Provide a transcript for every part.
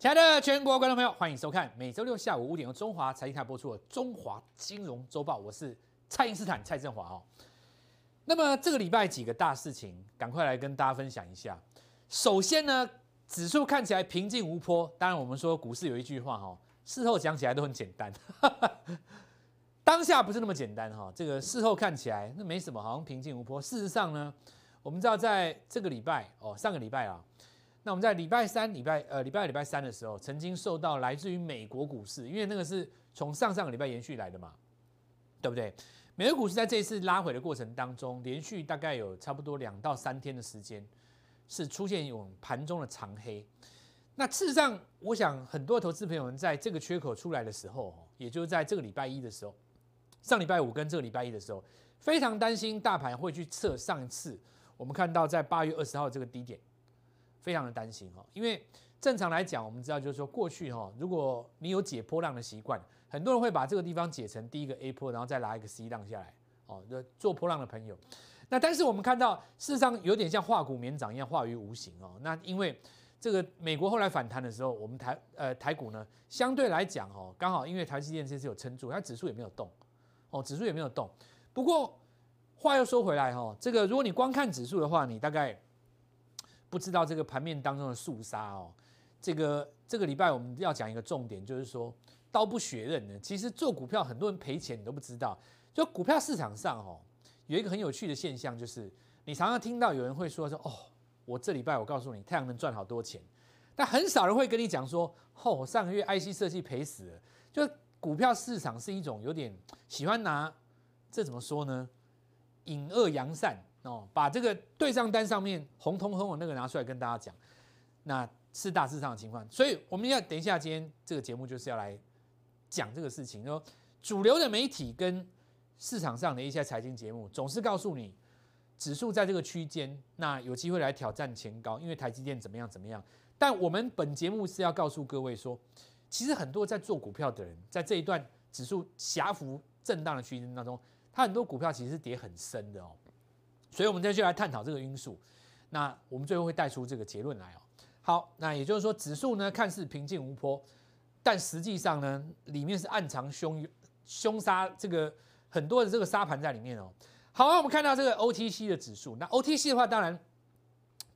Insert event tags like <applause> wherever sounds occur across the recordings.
親愛的全國觀眾朋友，歡迎收看每周六下午五點由中華財經台播出的《中華金融週報》，我是蔡英斯坦，蔡振華哦。那麼這個禮拜幾個大事情，趕快來跟大家分享一下。首先呢，指數看起來平靜無波。當然，我們說股市有一句話哈，事後講起來都很簡單， <laughs> 當下不是那麼簡單哈。這個事後看起來那沒什麼，好像平靜無波。事實上呢，我們知道在這個禮拜哦，上個禮拜啊。那我們在禮拜三、禮拜呃、禮拜二、禮拜三的時候，曾經受到來自於美國股市，因為那個是從上上個禮拜延續來的嘛，對不對？美國股市在這一次拉回的過程當中，連續大概有差不多兩到三天的時間，是出現一種盤中的長黑。那事實上，我想很多投資朋友們在這個缺口出來的時候，也就是在這個禮拜一的時候，上禮拜五跟這個禮拜一的時候，非常擔心大盤會去測上一次，我們看到在八月二十號這個低點。非常的擔心哈、哦，因為正常來講，我們知道就是說過去哈、哦，如果你有解波浪的習慣，很多人會把這個地方解成第一個 A 波，然後再拉一個 C 浪下來。哦，那做波浪的朋友，那但是我們看到，事實上有點像化骨綿掌一樣化於無形哦。那因為這個美國後來反彈的時候，我們台呃台股呢，相對來講哦，剛好因為台積電其實有撐住，它指數也沒有動哦，指數也沒有動。不過話又說回來哈、哦，這個如果你光看指數的話，你大概。不知道這個盤面當中的肅殺，哦，這個這個禮拜我們要講一個重點，就是說刀不血刃的。其實做股票很多人賠錢你都不知道。就股票市場上哦，有一個很有趣的現象，就是你常常聽到有人會說說哦，我這禮拜我告訴你太陽能賺好多錢，但很少人會跟你講說哦，我上個月 IC 設計賠死了。就股票市場是一種有點喜歡拿這怎麼說呢？隱惡揚善。哦，把這個對賬單上面紅彤紅我那個拿出來跟大家講，那是大市場的情況。所以我們要等一下，今天這個節目就是要來講這個事情。就是、主流的媒體跟市場上的一些財經節目，總是告訴你指數在這個區間，那有機會來挑戰前高，因為台積電怎麼樣怎麼樣。但我們本節目是要告訴各位說，其實很多在做股票的人，在這一段指數狹幅震盪的區間當中，他很多股票其實是跌很深的哦。所以，我們這就來探討這個因素。那我們最後會帶出這個結論來哦。好，那也就是說指數呢，指數呢看似平靜無波，但實際上呢，裡面是暗藏凶凶殺這個很多的這個沙盤在裡面哦。好，我們看到這個 O T C 的指數，那 O T C 的話，當然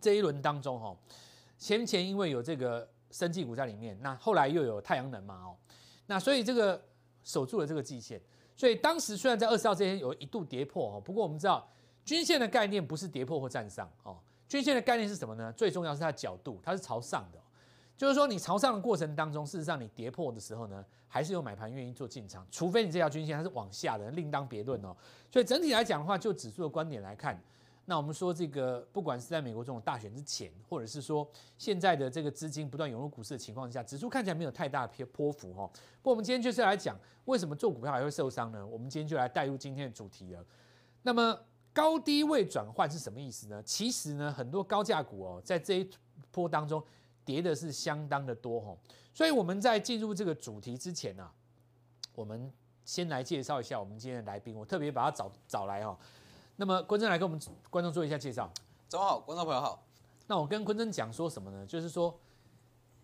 這一輪當中哈、哦，前前因為有這個生技股在裡面，那後來又有太陽能嘛哦，那所以這個守住了這個季線。所以當時雖然在二十號之前有一度跌破哦，不過我們知道。均線的概念不是跌破或站上哦，均線的概念是什麼呢？最重要是它的角度，它是朝上的，就是說你朝上的過程當中，事實上你跌破的時候呢，還是有買盤願意做進場，除非你這條均線它是往下的，另當別論哦。所以整體來講的話，就指數的觀點來看，那我們說這個不管是在美國這種大選之前，或者是說現在的這個資金不斷湧入股市的情況下，指數看起來沒有太大的偏波幅哦。不過我們今天就是來講，為什麼做股票還會受傷呢？我們今天就來帶入今天的主題了，那麼。高低位轉換是什麼意思呢？其實呢，很多高價股哦、喔，在這一波當中跌的是相當的多哈、喔。所以我們在進入這個主題之前啊，我們先來介紹一下我們今天的來賓，我特別把他找找來哈、喔。那麼坤生來跟我們觀眾做一下介紹。走好，觀眾朋友好。那我跟坤生講說什麼呢？就是說，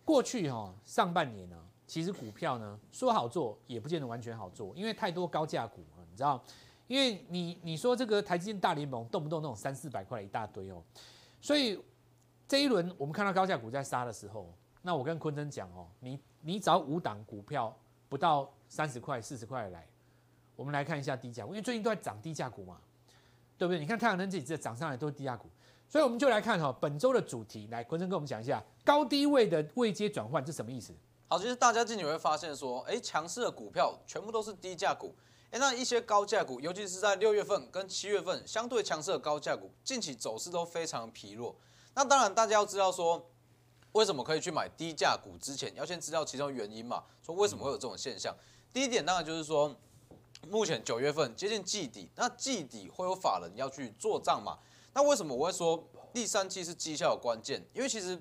過去哈、喔、上半年呢、啊，其實股票呢說好做也不見得完全好做，因為太多高價股嘛，你知道。因為你你說這個台積電大聯盟動不動那種三四百塊一大堆哦，所以這一輪我們看到高價股在殺的時候，那我跟坤真講哦，你你找五檔股票不到三十塊四十塊來，我們來看一下低價股，因為最近都在漲低價股嘛，對不對？你看太陽能這幾隻漲上來都是低價股，所以我們就來看哈本週的主題，來坤真跟我們講一下高低位的位階轉換是什麼意思？好，其實大家近期會發現說，哎，強勢的股票全部都是低價股。哎、欸，那一些高價股，尤其是在六月份跟七月份相對強勢的高價股，近期走勢都非常疲弱。那當然，大家要知道說，為什麼可以去買低價股之前，要先知道其中原因嘛，說為什麼會有這種現象？第一點當然就是說，目前九月份接近季底，那季底會有法人要去做賬嘛那為什麼我會說第三季是績效的關鍵？因為其實。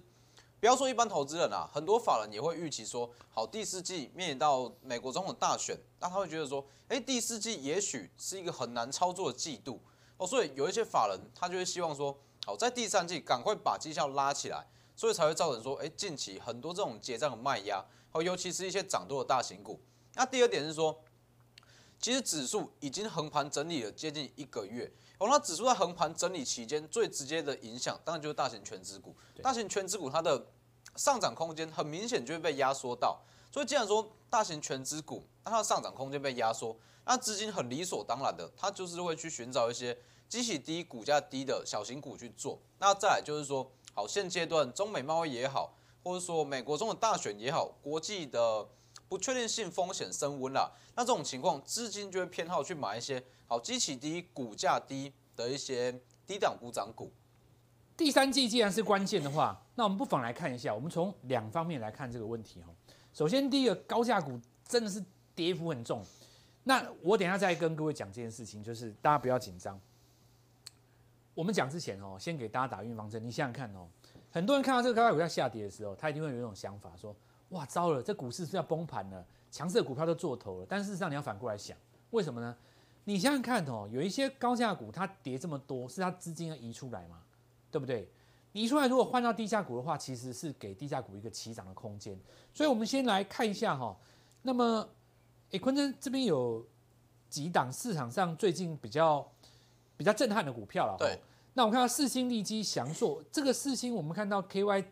不要說一般投資人啊，很多法人也會預期說，好，第四季面臨到美國總統大選，那他會覺得說，哎、欸、第四季也許是一個很難操作的季度哦，所以有一些法人他就會希望說，好，在第三季趕快把績效拉起來，所以才會造成說，哎、欸、近期很多這種結賬的賣壓，哦，尤其是一些漲多的大型股。那第二點是說。其實指數已經橫盤整理了接近一個月，好，它指數在橫盤整理期間，最直接的影響當然就是大型權值股，大型權值股它的上漲空間很明顯就會被壓縮到，所以既然說大型權值股，那它的上漲空間被壓縮，那資金很理所當然的，它就是會去尋找一些基期低、股價低的小型股去做。那再來就是說，好，現階段中美貿易也好，或者說美國中的大選也好，國際的。不確定性風險升溫了，那這種情況，資金就會偏好去買一些好，基期低、股價低的一些低檔補漲股。第三季既然是關鍵的話，那我們不妨來看一下，我們從兩方面來看這個問題。首先，第一個高價股真的是跌幅很重。那我等下再跟各位講這件事情，就是大家不要緊張。我們講之前哦，先給大家打預防針。你想想看哦，很多人看到這個高價股在下跌的時候，他一定會有一種想法說。哇，糟了，這股市是要崩盤了，強勢的股票都做頭了。但事實上，你要反過來想，為什麼呢？你想想看哦，有一些高價股它跌這麼多，是它資金要移出來嗎？對不對？移出來如果換到低價股的話，其實是給低價股一個起漲的空間。所以，我們先來看一下哈、哦。那麼，哎、欸，坤森這邊有幾檔市場上最近比較比較震撼的股票了、哦。對。那我們看到世芯、立積、祥碩，這個世芯我們看到 KY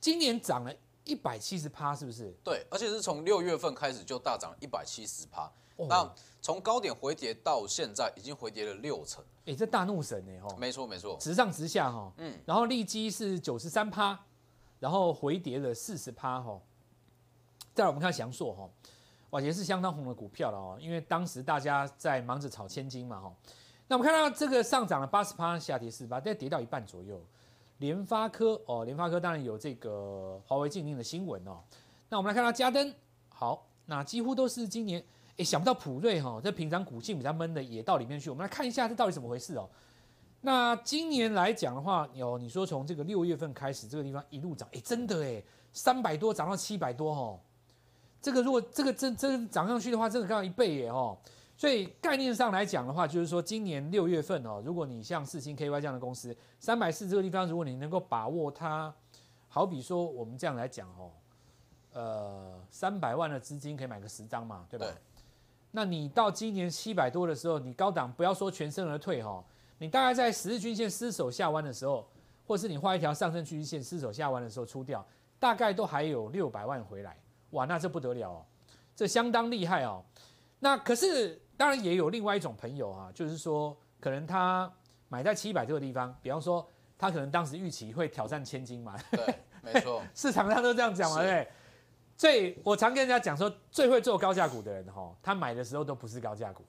今年漲了。一百七十趴是不是？對，而且是從六月份開始就大漲一百七十趴。那從、oh, 高點回跌到現在，已經回跌了六成。哎、欸，這大怒神呢、欸？吼、哦，沒錯沒錯，直上直下哈、哦。嗯，然後立基是九十三趴，然後回跌了四十趴哈。再來我們看祥碩哈，哇也是相當紅的股票了哦，因為當時大家在忙着炒千金嘛哈、哦。那我們看到這個上漲了八十趴，下跌四十趴，再跌到一半左右。聯發科哦，聯發科當然有這個華為禁令的新聞哦。那我們來看到佳登，好，那幾乎都是今年，哎、欸，想不到普瑞哈、哦，在平常股性比較悶的也到裡面去。我們來看一下這到底怎麼回事哦。那今年來講的話，有你、哦，你說從這個六月份開始，這個地方一路漲，哎、欸，真的哎，三百多漲到七百多哈、哦。這個如果這個真真漲上去的話，剛好一倍耶哈、哦。所以概念上來講的話，就是說今年六月份哦，如果你像四星 KY 這樣的公司，三百四這個地方，如果你能夠把握它，好比說我們這樣來講哦，呃，三百萬的資金可以買個十張嘛，對吧？對。那你到今年七百多的時候，你高檔不要說全身而退哈、哦，你大概在十日均線失守下彎的時候，或是你畫一條上升均線失守下彎的時候出掉，大概都還有六百萬回來，哇，那這不得了哦，這相當厲害哦。那可是，當然也有另外一種朋友啊，就是說，可能他買在七百這個地方，比方說，他可能當時預期會挑戰千金嘛。對，沒錯。 <laughs> 市場上都這樣講嘛，對不對是？最，我常跟人家講說，最會做高價股的人、喔，哈他買的時候都不是高價股，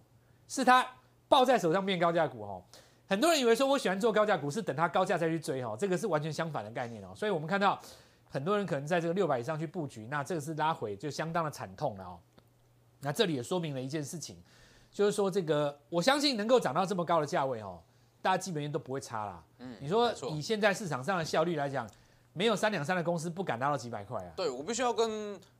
是他抱在手上變高價股，吼。很多人以為說，我喜歡做高價股，是等它高價再去追，吼，這個是完全相反的概念哦、喔。所以我們看到，很多人可能在這個六百以上去布局，那這個是拉回就相當的慘痛了，哦。那這裡也說明了一件事情，就是說這個，我相信能夠漲到這麼高的價位哦，大家基本上都不會差啦。嗯，你說以現在市場上的效率來講，沒有三兩三的公司不敢拿到幾百塊啊，對。對，我必須要跟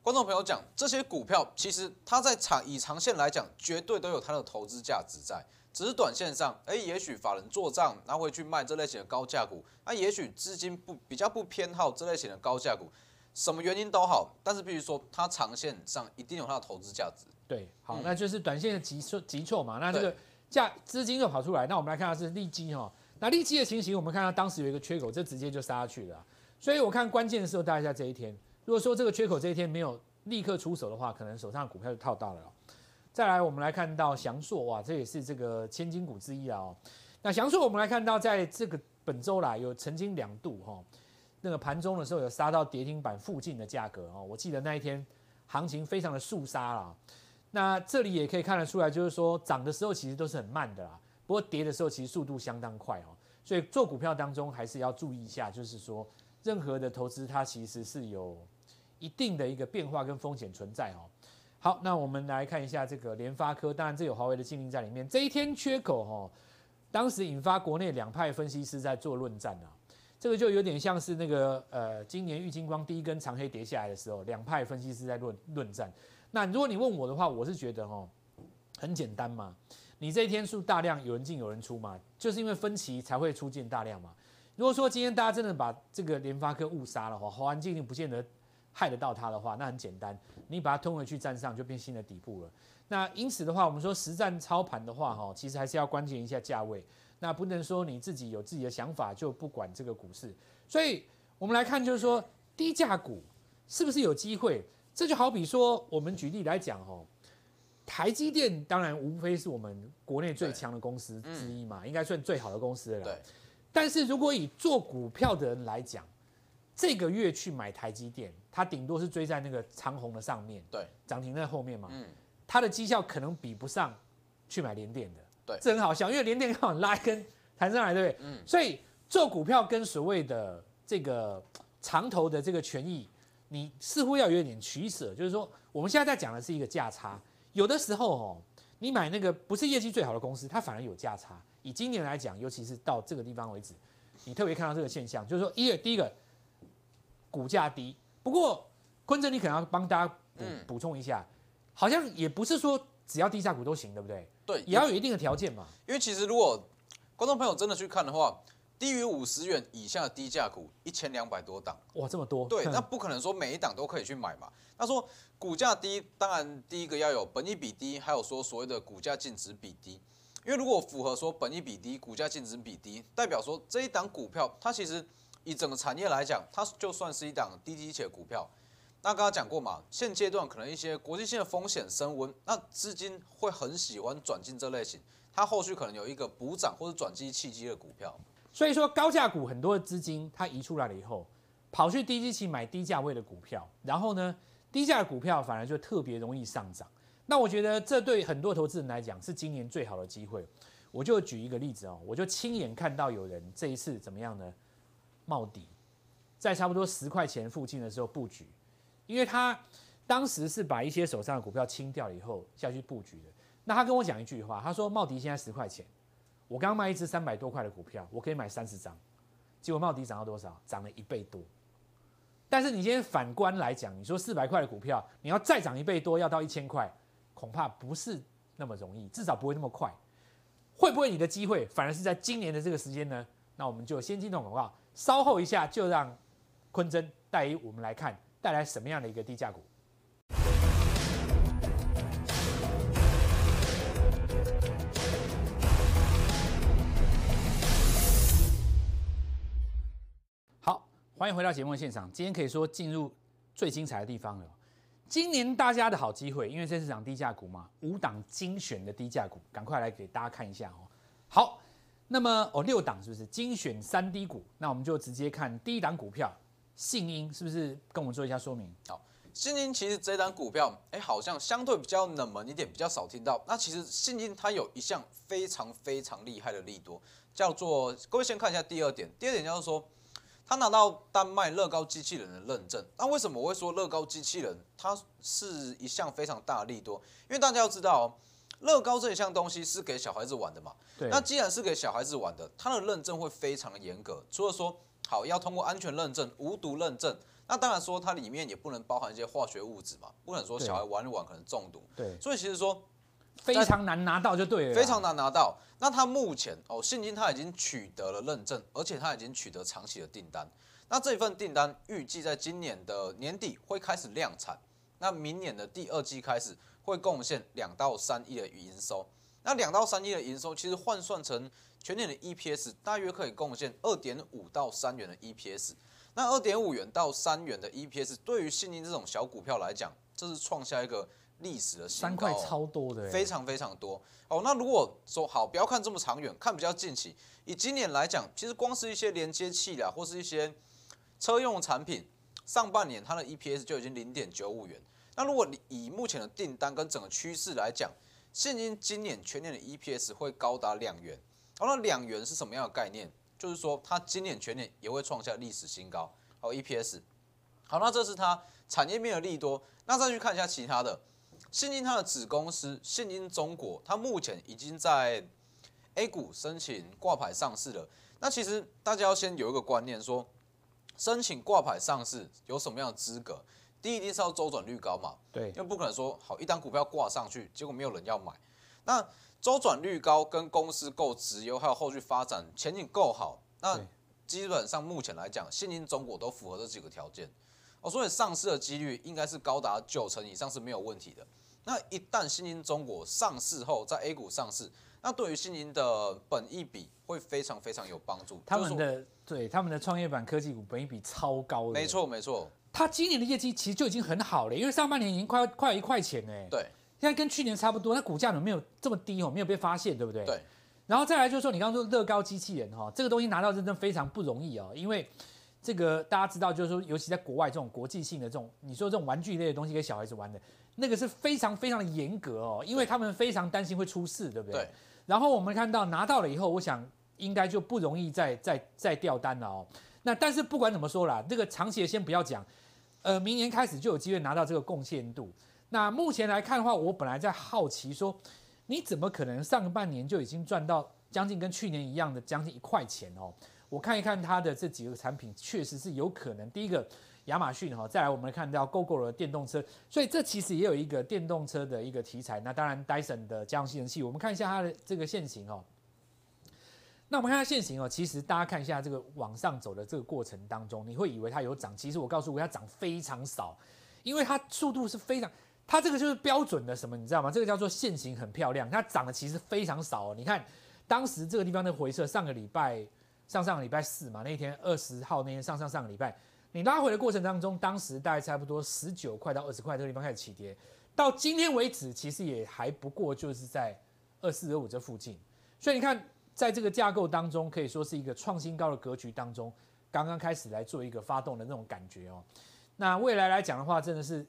觀眾朋友講，這些股票其實它在長以長線來講，絕對都有它的投資價值在。只是短線上，哎、欸，也許法人做賬拿回去賣這類型的高價股，那、啊、也許資金不比較不偏好這類型的高價股，什麼原因都好，但是必須說，它長線上一定有它的投資價值。對，好，嗯、那就是短線的急挫急挫嘛，那這個價資對金又跑出來，那我們來看下是利基哈、哦，那利基的情形，我們看到當時有一個缺口，這直接就殺下去了，啊，所以我看關鍵的時候大概在這一天，如果說這個缺口這一天沒有立刻出手的話，可能手上的股票就套到了，哦、再來，我們來看到祥碩，哇，這也是這個千金股之一啊。哦。那祥碩，我們來看到在這個本周啦，有曾經兩度哈、哦，那個盤中的時候有殺到跌停板附近的價格哦，我記得那一天行情非常的肅殺啦那這裡也可以看得出來，就是說漲的時候其實都是很慢的啦，不過跌的時候其實速度相當快哦、喔，所以做股票當中還是要注意一下，就是說任何的投資它其實是有一定的一個變化跟風險存在哦、喔。好，那我們來看一下這個聯發科，當然這有華為的禁令在裡面。這一天缺口哈、喔，當時引發國內兩派分析師在做論戰啊，這個就有點像是那個呃，今年玉晶光第一根長黑跌下來的時候，兩派分析師在論論戰。那如果你問我的話，我是覺得哦，很簡單嘛，你這一天數大量有人進有人出嘛，就是因為分歧才會出現大量嘛。如果說今天大家真的把這個聯發科誤殺了，華安基金不見得害得到它的話，那很簡單，你把它吞回去站上就變新的底部了。那因此的話，我們說實戰操盤的話，吼其實還是要關鍵一下價位，那不能說你自己有自己的想法就不管這個股市。所以我們來看，就是說低價股是不是有機會？這就好比說，我們舉例來講、哦，吼，台積電當然無非是我們國內最強的公司之一嘛，嗯、應該算最好的公司了。對。但是如果以做股票的人來講，這個月去買台積電，它頂多是追在那個長紅的上面，對，漲停在後面嘛。嗯、它的績效可能比不上去買聯電的，對，這很好笑，因為聯電剛好拉一根彈上來，對不對？嗯。所以做股票跟所謂的這個長投的這個權益。你似乎要有一點取捨，就是說，我們現在在講的是一個價差。有的時候哦，你買那個不是業績最好的公司，它反而有價差。以今年來講，尤其是到這個地方為止，你特別看到這個現象，就是說一個，一月第一個股價低。不過，坤正，你可能要幫大家補補、嗯、充一下，好像也不是說只要低價股都行，對不對？對，也要有一定的條件嘛。因為其實如果觀眾朋友真的去看的話，低於五十元以下的低價股一千兩百多檔，哇，這麼多！對，那不可能說每一檔都可以去買嘛。他說股價低，當然第一個要有本益比低，還有說所謂的股價淨值比低。因為如果符合說本益比低、股價淨值比低，代表說這一檔股票它其實以整個產業來講，它就算是一檔低基期股票。那剛剛講過嘛，現階段可能一些國際性的風險升溫，那資金會很喜歡轉進這類型，它後續可能有一個補漲或者轉機契機的股票。所以說高價股很多的資金它移出來了以後，跑去低基期買低價位的股票，然後呢，低價的股票反而就特別容易上漲。那我覺得這對很多投資人來講是今年最好的機會。我就舉一個例子哦，我就親眼看到有人這一次怎麼樣呢？茂迪在差不多十塊錢附近的時候布局，因為他當時是把一些手上的股票清掉了以後下去布局的。那他跟我講一句話，他說茂迪現在十塊錢。我剛剛賣一隻三百多塊的股票，我可以買三十張，結果茂迪漲到多少？漲了一倍多。但是你今天反觀來講，你說四百塊的股票，你要再漲一倍多，要到一千塊，恐怕不是那麼容易，至少不會那麼快。會不會你的機會，反而是在今年的這個時間呢？那我們就先聽董總好？稍後一下就讓坤真帶於我們來看，帶來什麼樣的一個低價股。歡迎回到節目的現場，今天可以說進入最精彩的地方了。今年大家的好機會，因為這是講低價股嘛，五檔精選的低價股，趕快來給大家看一下哦、喔。好，那麼哦，六檔是不是精選三低股，那我們就直接看第一檔股票信音，是不是跟我們做一下說明？好，信音其實這檔股票，哎、欸，好像相對比較冷門一點，比較少聽到。那其實信音它有一項非常非常厲害的利多，叫做各位先看一下第二點，第二點叫做說。他拿到丹麥樂高機器人的認證，那為什麼我會說樂高機器人它是一項非常大的利多？因為大家要知道哦，樂高這一項東西是給小孩子玩的嘛。對那既然是給小孩子玩的，它的認證會非常嚴格，除了說好要通過安全認證、無毒認證，那當然說它裡面也不能包含一些化學物質嘛，不能說小孩玩一玩可能中毒。對所以其實說。非常難拿到就對了，非常難拿到。那他目前哦，信金他已經取得了認證，而且他已經取得長期的訂單。那這份訂單預計在今年的年底會開始量產，那明年的第二季開始會貢獻兩到三億的營收。那兩到三億的營收其實換算成全年的 EPS，大約可以貢獻二點五到三元的 EPS。那二點五元到三元的 EPS，對於信金這種小股票來講，這是創下一個。歷史的新高，超多的，非常非常多哦。那如果說好，不要看這麼長遠，看比較近期。以今年來講，其實光是一些連接器啦，或是一些車用產品，上半年它的 EPS 就已經零點九五元。那如果你以目前的訂單跟整個趨勢來講，現今今年全年的 EPS 會高達兩元。好，那兩元是什麼樣的概念？就是說它今年全年也會創下歷史新高。好，EPS。好，那這是它產業面的利多。那再去看一下其他的。信金它的子公司信金中國，它目前已經在 A 股申請掛牌上市了。那其實大家要先有一個觀念，說申請掛牌上市有什麼樣的資格？第一，一定是要周轉率高嘛，因又不可能說好一檔股票掛上去，結果沒有人要買。那周轉率高跟公司夠值優，還有後續發展前景夠好，那基本上目前來講，信金中國都符合這幾個條件，哦，所以上市的幾率應該是高達九成以上是沒有問題的。那一旦新英中國上市後，在 A 股上市，那對於新英的本益比會非常非常有幫助他。他們的對他們的創業板科技股本益比超高的，沒錯沒錯。他今年的業績其實就已經很好了，因為上半年已經快快有一塊錢哎。對，現在跟去年差不多，那股價沒有這麼低哦，沒有被發現，對不對？對。然後再來就是說，你剛剛說樂高機器人哈，這個東西拿到真的非常不容易哦，因為這個大家知道，就是說尤其在國外這種國際性的這種，你說這種玩具類的東西給小孩子玩的。那個是非常非常嚴格哦，因為他們非常擔心會出事，對，對不對？對。然後我們看到拿到了以後，我想應該就不容易再再再掉單了哦。那但是不管怎麼說啦，這、那個長期的先不要講，呃，明年開始就有機會拿到這個貢獻度。那目前來看的話，我本來在好奇說，你怎麼可能上半年就已經賺到將近跟去年一樣的將近一塊錢哦？我看一看它的這幾個產品，確實是有可能。第一個。亞馬遜哈，再來我們來看到 GoGo GO 的電動車，所以這其實也有一個電動車的一個題材。那當然，Dyson 的家用吸塵器，我們看一下它的這個線型哦。那我們看它的線型哦，其實大家看一下這個往上走的這個過程當中，你會以為它有漲，其實我告訴過它漲非常少，因為它速度是非常，它這個就是標準的什麼，你知道嗎？這個叫做線型很漂亮，它漲的其實非常少哦。你看當時這個地方的回撤，上個禮拜，上上個禮拜四嘛，那天二十號那天，上上上個禮拜。你拉回的過程當中，當時大概差不多十九塊到二十塊這個地方開始起跌，到今天為止其實也還不過就是在二四二五這附近，所以你看在這個架構當中，可以說是一個創新高的格局當中，剛剛開始來做一個發動的那種感覺哦。那未來來講的話，真的是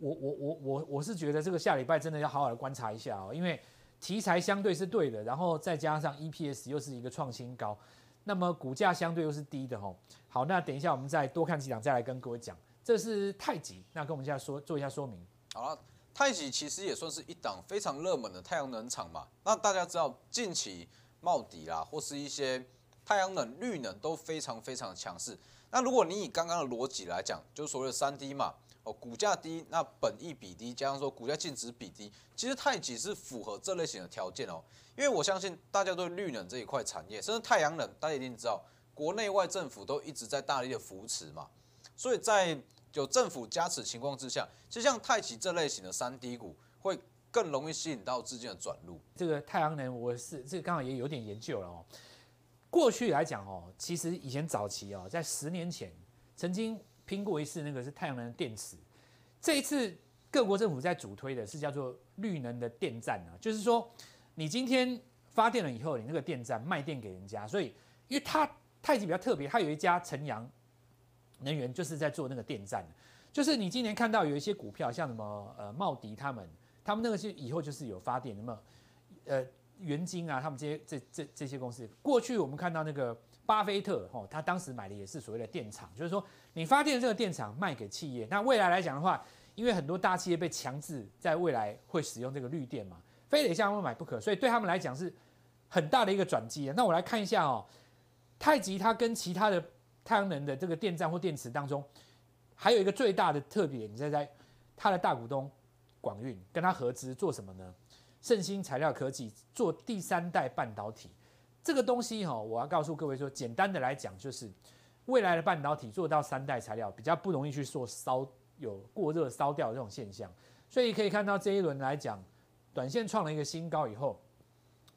我我我我我是覺得這個下禮拜真的要好好的觀察一下哦，因為題材相對是對的，然後再加上 EPS 又是一個創新高。那麼股價相對又是低的吼，好，那等一下我們再多看幾檔，再來跟各位講，這是太極，那跟我們現在說做一下說明。好了，太極其實也算是一檔非常熱門的太陽能廠嘛。那大家知道近期茂迪啦，或是一些太陽能、綠能都非常非常強勢。那如果你以剛剛的邏輯來講，就是所謂的三低嘛。哦，股價低，那本益比低，加上說股價淨值比低，其實太極是符合這類型的條件哦。因為我相信大家都對綠能這一塊產業，甚至太陽能，大家一定知道，國內外政府都一直在大力的扶持嘛。所以在有政府加持情況之下，其實像太極這類型的三低股，會更容易吸引到資金的轉入。這個太陽能，我是這個剛好也有點研究了哦。過去來講哦，其實以前早期哦，在十年前曾經。拼過一次，那個是太陽能的電池。這一次各國政府在主推的是叫做綠能的電站啊，就是說你今天發電了以後，你那個電站賣電給人家。所以，因為它太極比較特別，它有一家晨陽能源就是在做那個電站，就是你今年看到有一些股票，像什麼呃茂迪他們，他們那個是以後就是有發電，那麼呃元晶啊，他們這些這這這些公司，過去我們看到那個。巴菲特哦，他當時買的也是所謂的電廠，就是說你發電這個電廠賣給企業。那未來來講的話，因為很多大企業被強制在未來會使用這個綠電嘛，非得向他們買不可，所以對他們來講是很大的一個轉機啊。那我來看一下哦，太極它跟其他的太陽能的這個電站或電池當中，還有一個最大的特別，你猜猜，它的大股東廣運跟他合資做什麼呢？盛新材料科技做第三代半導體。這個東西哈、哦，我要告訴各位說，簡單的來講就是，未來的半導體做到三代材料比較不容易去做燒，有過熱燒掉的這種現象，所以可以看到這一輪來講，短線創了一個新高以後，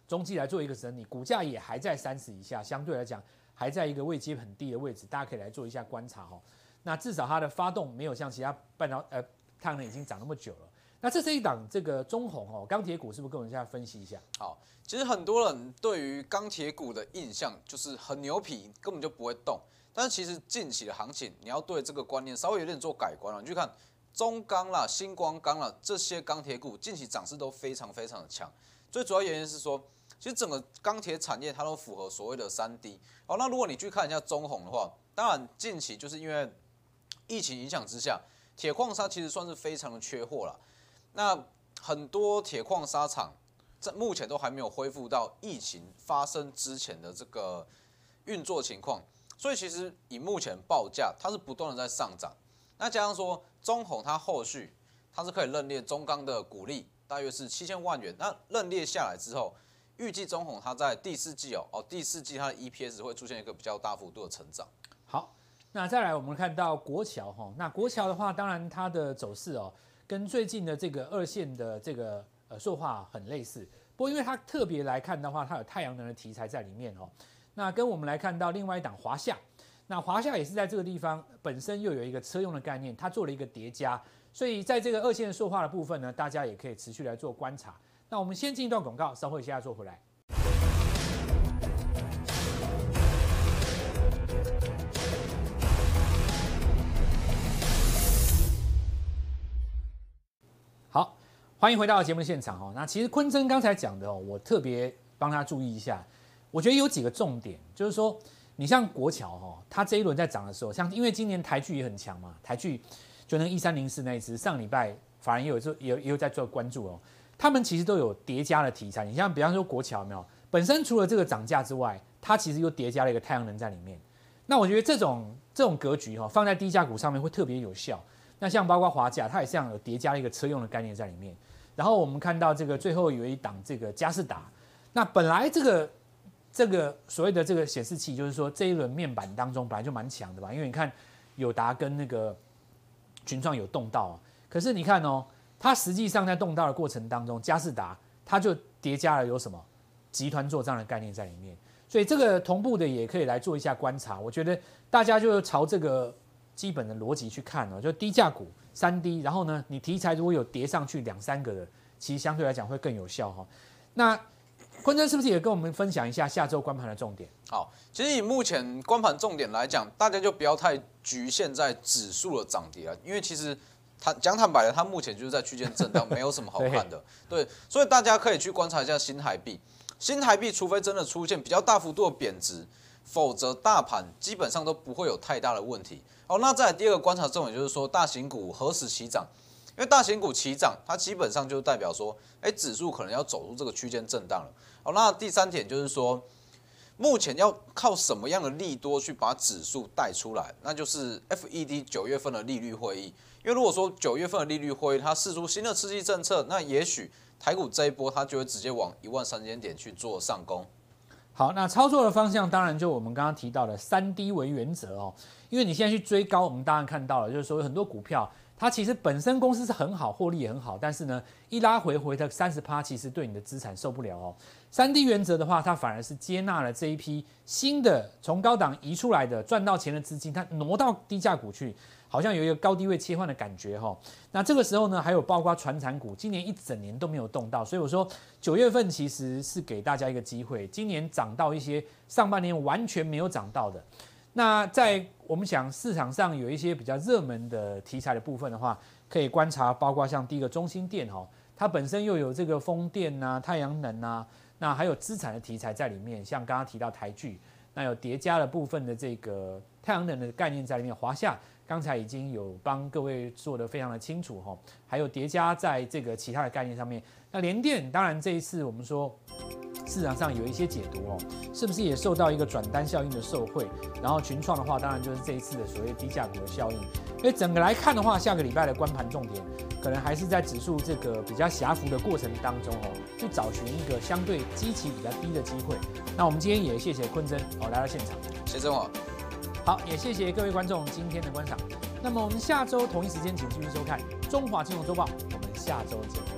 中期來做一個整理，股價也還在三十以下，相對來講還在一個位階很低的位置，大家可以來做一下觀察哈。那至少它的發動沒有像其他半導呃，太陽能已經漲那麼久了。那這是一檔這個中鴻哦，鋼鐵股是不是？跟我們現在分析一下。好，其實很多人對於鋼鐵股的印象就是很牛皮，根本就不會動。但是其實近期的行情，你要對這個觀念稍微有點做改觀了。你去看中鋼啦、新光鋼啦這些鋼鐵股，近期漲勢都非常非常的強。最主要原因是說，其實整個鋼鐵產業它都符合所謂的三低。好，那如果你去看一下中鴻的話，當然近期就是因為疫情影響之下，鐵礦砂其實算是非常的缺貨了。那很多鐵礦砂廠在目前都還沒有恢復到疫情發生之前的這個運作情況，所以其實以目前報價，它是不斷的在上漲。那加上說，中鴻它後續它是可以認列中鋼的股利，大約是七千萬元。那認列下來之後，預計中鴻它在第四季哦、哦，第四季它的 EPS 會出現一個比較大幅度的成長。好，那再來我們看到國喬哈，那國喬的話，當然它的走勢哦。跟最近的這個二線的這個呃塑化很類似，不過因為它特別來看的話，它有太陽能的題材在裡面哦、喔。那跟我們來看到另外一檔華夏，那華夏也是在這個地方，本身又有一個車用的概念，它做了一個疊加。所以在這個二線塑化的部分呢，大家也可以持續來做觀察。那我們先進一段廣告，稍後一下做回來。歡迎回到的節目的現場哦。那其實坤真剛才講的、哦，我特別幫他注意一下。我覺得有幾個重點，就是說，你像國喬哈、哦，它這一輪在漲的時候，像因為今年台聚也很強嘛，台聚就那一三零四那一隻，上禮拜法人也有做，也有也有在做關注哦。他們其實都有疊加的題材。你像比方說國喬有沒有？本身除了這個漲價之外，它其實又疊加了一個太陽能在裡面。那我覺得這種這種格局哈、哦，放在低價股上面會特別有效。那像包括華甲，它也像有疊加了一個車用的概念在裡面。然後我們看到這個最後有一檔這個佳世達，那本來這個這個所謂的這個顯示器，就是說，這一輪面板當中本來就蠻強的吧？因為你看友達跟那個群創有動到，可是你看哦，它實際上在動到的過程當中，佳世達它就疊加了有什麼集團作戰的概念在裡面，所以這個同步的也可以來做一下觀察。我覺得大家就朝這個。基本的邏輯去看哦、喔，就低價股三低，然後呢，你題材如果有疊上去兩三個的，其實相對來講會更有效哈、喔。那坤尊是不是也跟我們分享一下下周觀盤的重點？好，其實以目前觀盤重點來講，大家就不要太局限在指數的漲跌啊，因為其實坦講坦白的，它目前就是在區間震盪，沒有什麼好看的。 <laughs> 對、對，所以大家可以去觀察一下新台幣，新台幣除非真的出現比較大幅度的貶值。否則，大盤基本上都不會有太大的問題。好，那再來第二個觀察重點，就是說大型股何時起漲？因為大型股起漲，它基本上就代表說，哎，指數可能要走出這個區間震盪了。好，那第三點就是說，目前要靠什麼樣的利多去把指數帶出來？那就是 FED 九月份的利率會議。因為如果說九月份的利率會議它釋出新的刺激政策，那也許台股這一波它就會直接往一萬三千點去做上攻。好，那操作的方向當然就我們剛剛提到的三低為原則哦，因為你現在去追高，我們當然看到了，就是說有很多股票。它其實本身公司是很好，獲利也很好，但是呢，一拉回回的三十趴，其實對你的資產受不了哦。三低原則的話，它反而是接納了這一批新的從高檔移出來的賺到錢的資金，它挪到低價股去，好像有一個高低位切換的感覺哈、哦。那這個時候呢，還有包括傳產股，今年一整年都沒有動到，所以我說九月份其實是給大家一個機會，今年漲到一些上半年完全沒有漲到的，那在。我們想市場上有一些比較熱門的題材的部分的話，可以觀察，包括像第一個中心電哈，它本身又有這個風電吶、啊、太陽能吶、啊，那還有資產的題材在裡面，像剛剛提到台劇，那有疊加的部分的這個太陽能的概念在裡面，華夏。剛才已經有幫各位做的非常的清楚哈、哦，還有疊加在這個其他的概念上面。那聯電當然這一次我們說市場上有一些解讀哦，是不是也受到一個轉單效應的受惠？然後群創的話，當然就是這一次的所謂低價股的效應。所以整個來看的話，下個禮拜的觀盤重點可能還是在指數這個比較狹幅的過程當中哦，去找尋一個相對基期比較低的機會。那我們今天也謝謝坤真哦來到現場，謝謝我。好，也謝謝各位觀眾今天的觀賞。那麼我們下周同一時間，請繼續收看《中華金融周報》。我們下周見。